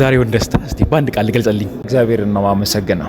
ዛሬውን ደስታ እስቲ በአንድ ቃል ልገልጸልኝ። እግዚአብሔርን ነው ማመሰግነው።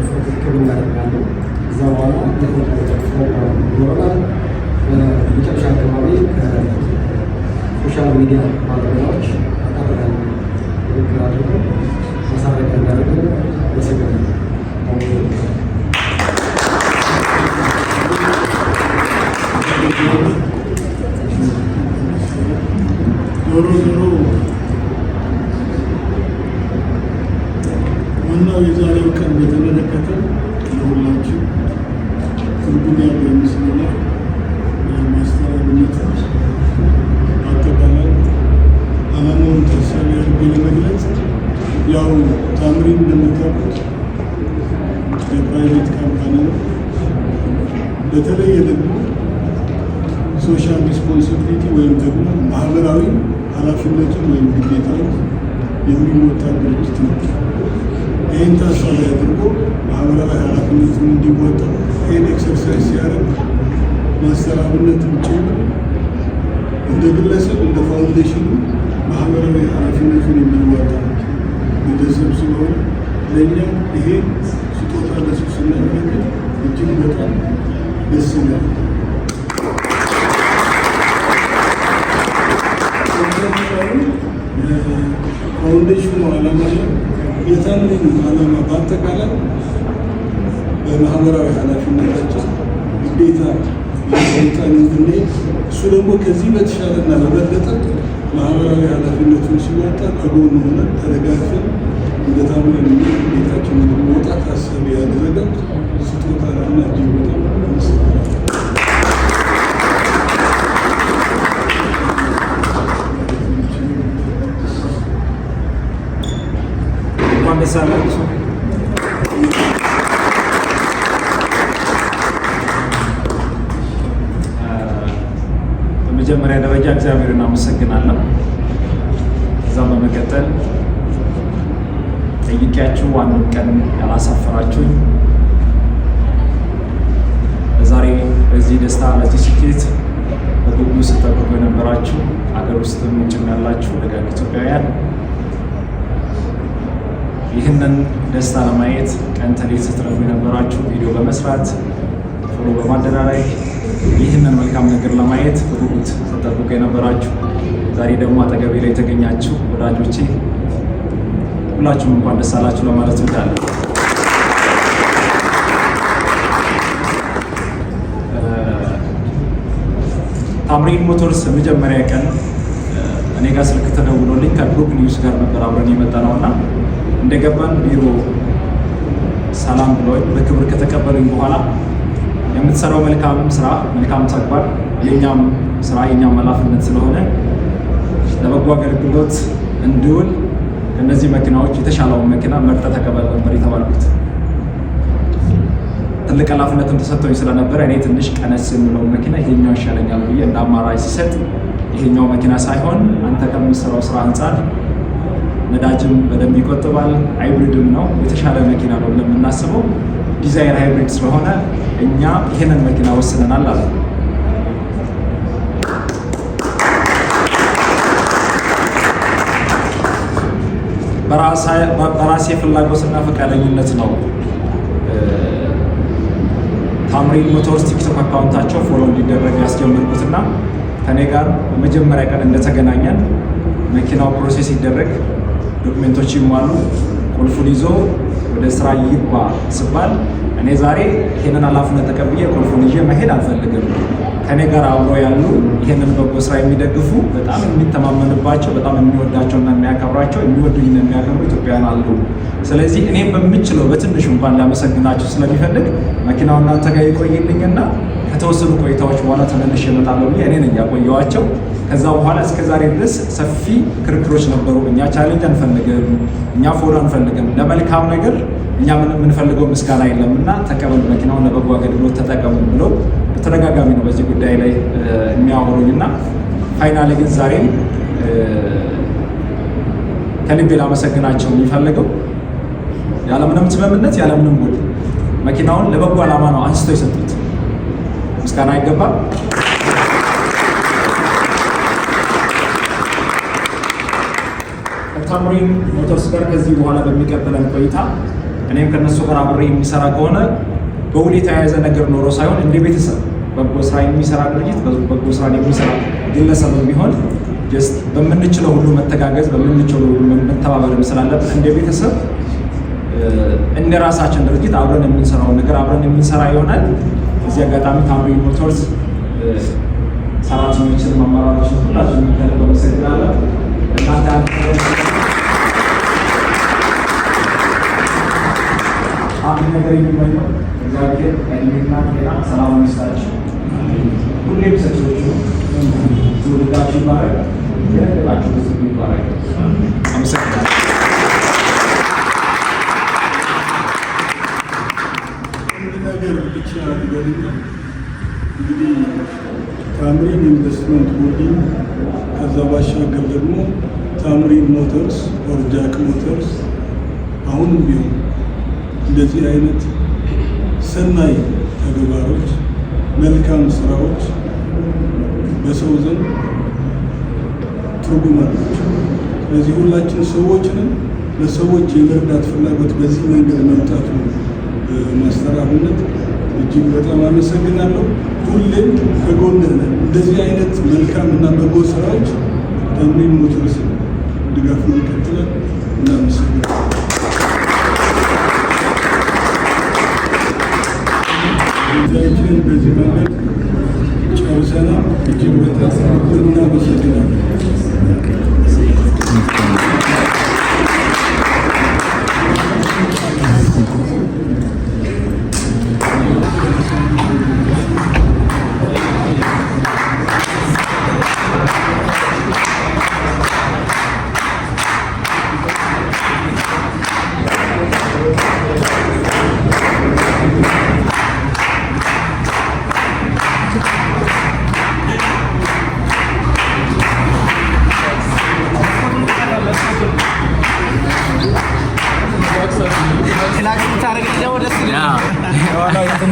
ቁስል ሕክምና አደርጋለሁ። እዛ በኋላ ይኖረናል። በመጨረሻ አካባቢ ከሶሻል ሚዲያ ባለሙያዎች አጠቃላይ ንግግር አድርጎ ማሳረግ እንዳደረገ መሰገነ Thank በምስሉ ላይ ማስተባበነት አጠቃላይ አላማውን በተለየ ደግሞ ሶሻል ሪስፖንሲቢሊቲ ወይም ደግሞ ማህበራዊ ኃላፊነቱን ወይም ግዴታውን የሚወጣ ድርጅት ነው። ይህን ታሳቢ አድርጎ ማህበራዊ ኃላፊነቱን እንዲወጣ ይህን ኤክሰርሳይዝ ሲያደርግ ማሰራብነት ውጭ እንደ ግለሰብ እንደ ፋውንዴሽኑ ማህበራዊ ኃላፊነቱን የሚወጣ ግለሰብ ስለሆነ ለእኛ ይሄ ስጦታ ለሱስና እጅግ በጣም ደስ ይላል። የተምሪን ዓላማ በአጠቃላይ በማህበራዊ ኃላፊነታችን ግዴታ የሰልጣን ብናይ እሱ ደግሞ ከዚህ በተሻለና በበለጠ ማህበራዊ ኃላፊነቱን ሲወጣ ከጎኑ ሆነ ተደጋግፈን እንደታምረን ቤታችን መውጣት አሰብ ያደረገ ስጦታ ነውና እንኳን ደስ አላችሁ። በመጀመሪያ ደረጃ እግዚአብሔር እናመሰግናለን። ከዛም በመቀጠል ጠይቂያችሁ አንድ ቀን ያላሳፈራችሁኝ ዛሬ በዚህ ደስታ ለዚህ ስኬት በጉጉት ስጠብቁ የነበራችሁ አገር ውስጥም ውጭም ያላችሁ ደጋግ ኢትዮጵያውያን ይህንን ደስታ ለማየት ቀን ተሌት ስትረፉ የነበራችሁ ቪዲዮ በመስራት ፎሎ በማደራረግ ይህንን መልካም ነገር ለማየት በጉጉት ስትጠብቁ የነበራችሁ ዛሬ ደግሞ አጠገቤ ላይ የተገኛችሁ ወዳጆቼ ሁላችሁም እንኳን ደስ አላችሁ ለማለት እወዳለሁ። ታምሪን ሞተርስ መጀመሪያ ቀን እኔ ጋር ስልክ ተደውሎልኝ ከብሩክ ኒውስ ጋር ነበር አብረን የመጣ እና እንደገባን ቢሮ ሰላም ብሎኝ በክብር ከተቀበሉኝ በኋላ የምትሰራው መልካም ስራ መልካም ተግባር የኛም ስራ የኛም ኃላፊነት ስለሆነ ለበጎ አገልግሎት እንዲውል ከነዚህ መኪናዎች የተሻለውን መኪና መርጠ ተቀበል ነበር የተባልኩት። ትልቅ ኃላፊነትም ተሰጥቶኝ ስለነበረ እኔ ትንሽ ቀነስ የሚለው መኪና ይሄኛው ይሻለኛል ብዬ እንደ አማራጭ ሲሰጥ ይሄኛው መኪና ሳይሆን አንተ ከምትሰራው ስራ አንጻር ነዳጅም በደንብ ይቆጥባል። ሃይብሪድም ነው የተሻለ መኪና ነው ብለን የምናስበው ዲዛይን ሃይብሪድ ስለሆነ እኛ ይህንን መኪና ወስነናል አለ። በራሴ ፍላጎትና ፈቃደኝነት ነው። ታምሪን ሞተርስ ቲክቶክ አካውንታቸው ፎሎ እንዲደረግ ያስጀመርኩትና ከኔ ጋር በመጀመሪያ ቀን እንደተገናኘን መኪናው ፕሮሴስ ይደረግ ዶክሜንቶች ይሟሉ፣ ቁልፉን ይዞ ወደ ስራ ይግባ ስባል እኔ ዛሬ ይህንን ኃላፊነት ተቀብዬ ቁልፉን ይዤ መሄድ አልፈልግም። ከኔ ጋር አብሮ ያሉ ይሄንን በጎ ስራ የሚደግፉ በጣም የሚተማመንባቸው በጣም የሚወዳቸውና የሚያከብራቸው የሚወዱኝ የሚያከብሩ ኢትዮጵያውያን አሉ። ስለዚህ እኔም በምችለው በትንሹ እንኳን ሊያመሰግናቸው ስለሚፈልግ መኪናው እናንተ ጋር ይቆይልኝና ከተወሰኑ ቆይታዎች በኋላ ተመልሼ እመጣለሁ ብዬ እኔ ነኝ ከዛ በኋላ እስከ ዛሬ ድረስ ሰፊ ክርክሮች ነበሩ። እኛ ቻሌንጅ አንፈልግም፣ እኛ ፎሎ አንፈልግም። ለመልካም ነገር እኛ የምንፈልገው ምስጋና የለም እና ተቀበል፣ መኪናውን ለበጎ አገልግሎት ተጠቀሙ ብለው በተደጋጋሚ ነው በዚህ ጉዳይ ላይ የሚያወሩኝ እና ፋይናል ግን ዛሬም ከልቤ ላመሰግናቸው የሚፈልገው ያለምንም ስምምነት ያለምንም ውል መኪናውን ለበጎ ዓላማ ነው አንስተው የሰጡት። ምስጋና ይገባል። ታምሪን ሞተርስ ጋር ከዚህ በኋላ በሚቀጥለን ቆይታ እኔም ከነሱ ጋር አብሬ የሚሰራ ከሆነ በውል የተያያዘ ነገር ኖሮ ሳይሆን እንደ ቤተሰብ በጎ ስራ የሚሰራ ድርጅት፣ በጎ ስራ የሚሰራ ግለሰብ ቢሆን በምንችለው ሁሉ መተጋገዝ በምንችለው ሁሉ መተባበርም ስላለብን እንደ ቤተሰብ እንደ ራሳችን ድርጅት አብረን የምንሰራውን ነገር አብረን የምንሰራ ይሆናል። እዚህ አጋጣሚ ታምሪ ሞተርስ ሰራተኞችን፣ አመራሮችን ሁላችሁ የሚከል በመሰግናለን እናንተ አንድ ነገር የሚመኘው እግዚአብሔር እድሜና ጤና ሰላም ይስጣችሁ። ሁሌም ሰጪዎቹ ትውልዳችሁ ይባረክ፣ የእድላችሁ ህዝብ ይባረክ። አመሰግናለሁ። ታምሪን ኢንቨስትመንት ሆልዲንግ ከዛ ባሻገር ደግሞ ታምሪን ሞተርስ ኦርጃክ ሞተርስ አሁንም ቢሆን እንደዚህ አይነት ሰናይ ተግባሮች፣ መልካም ስራዎች በሰው ዘንድ ትርጉም አላቸው። ስለዚህ ሁላችን ሰዎችንም ለሰዎች የመርዳት ፍላጎት በዚህ መንገድ መምጣቱ ማስተር እጅግ በጣም አመሰግናለሁ። ሁሌም ከጎንህ ነን። እንደዚህ አይነት መልካም እና በጎ ስራዎች ተምሪን ሞትርስ ድጋፉን ይቀጥላል። እናመሰግናለን። ጊዜያችንን በዚህ መንገድ ጨርሰናል። እጅግ በጣም እናመሰግናለን።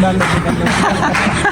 Tagalog, Tagalog.